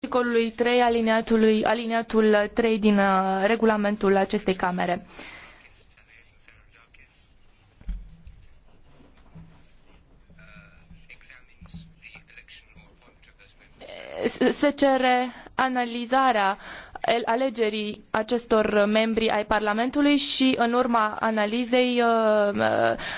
articolului 3 aliniatului, aliniatul 3 din uh, regulamentul acestei camere. Se cere analizarea alegerii acestor membri ai Parlamentului și, în urma analizei, uh, uh,